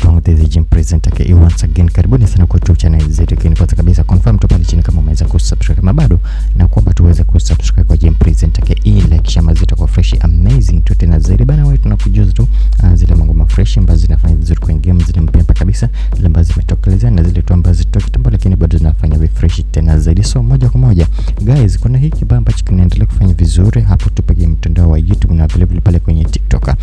What wrong with the gym presenter ke once again, karibuni sana kwa YouTube channel zetu. Kwa kwanza kabisa confirm tu pale chini kama umeweza kusubscribe, kama bado na kuomba tuweze kusubscribe kwa gym presenter ke like share mazito kwa fresh amazing tu tena zaidi bana, wewe tunakujuza tu ah, zile mambo ma fresh ambazo zinafanya vizuri kwa game zile mpya kabisa, zile ambazo zimetokeleza na zile tu ambazo zitoki kitambo, lakini bado zinafanya refresh tena zaidi. So moja kwa moja guys, kuna hiki kibao ambacho kinaendelea kufanya vizuri hapo tu pekee mtandao wa YouTube na vile vile pale kwenye TikTok ah,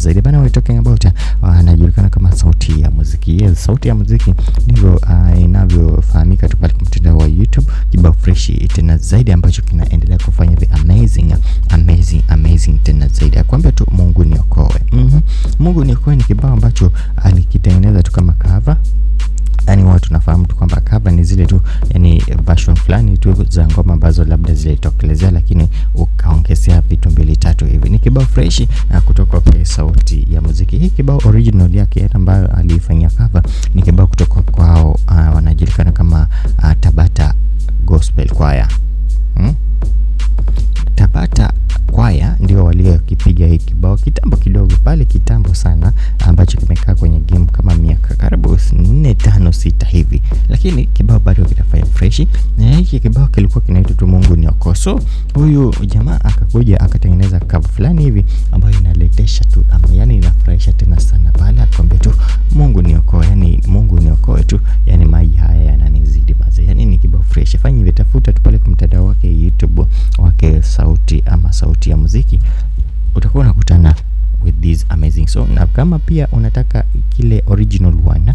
zaidi bana, we talking about ah, anajulikana uh, kama sauti ya muziki. Yes, sauti ya muziki ndivyo uh, inavyofahamika tu pale mtandao wa YouTube, kibao fresh tena zaidi ambacho kinaendelea kufanya the amazing amazing amazing tena zaidi, akwambia tu Mungu niokoe. mm Mungu niokoe ni kibao ambacho alikitengeneza tu kama cover tunafahamu tu kwamba cover ni zile tu yani version fulani tu za ngoma ambazo labda zilitokelezea, lakini ukaongezea vitu mbili tatu hivi. Ni kibao freshi ah, kutoka kwa Sauti ya Muziki. Hii kibao original yake ambayo alifanyia cover ni kibao kutoka kwao, uh, wanajulikana kama uh, Tabata Gospel Choir. sita hivi, lakini kibao bado kinafanya freshi. Na hiki kibao kilikuwa kinaitwa tu Mungu ni Okoso. Huyu jamaa akakuja akatengeneza cover fulani hivi ambayo inaletesha tu ama yani inafurahisha tena sana, pale akwambia tu Mungu ni okoe yani Mungu ni okoe tu, yani maji haya yananizidi mazee. Yani ni kibao fresh, fanya hivi, tafuta tu pale kwa mtandao wake YouTube wake sauti ama sauti ya muziki, utakuwa unakutana with this amazing song, na kama pia unataka kile original one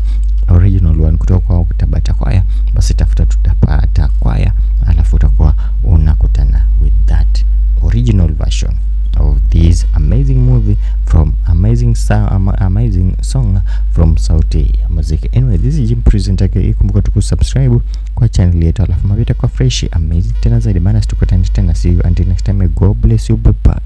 sound, amazing song uh, from Sauti ya Muziki. Anyway, this is Jim presenter yake, kumbuka tu kusubscribe kwa channel yetu, alafu mapita kwa fresh amazing tena zaidi, maana tukutane tena. See you until next time, God bless you, bye bye.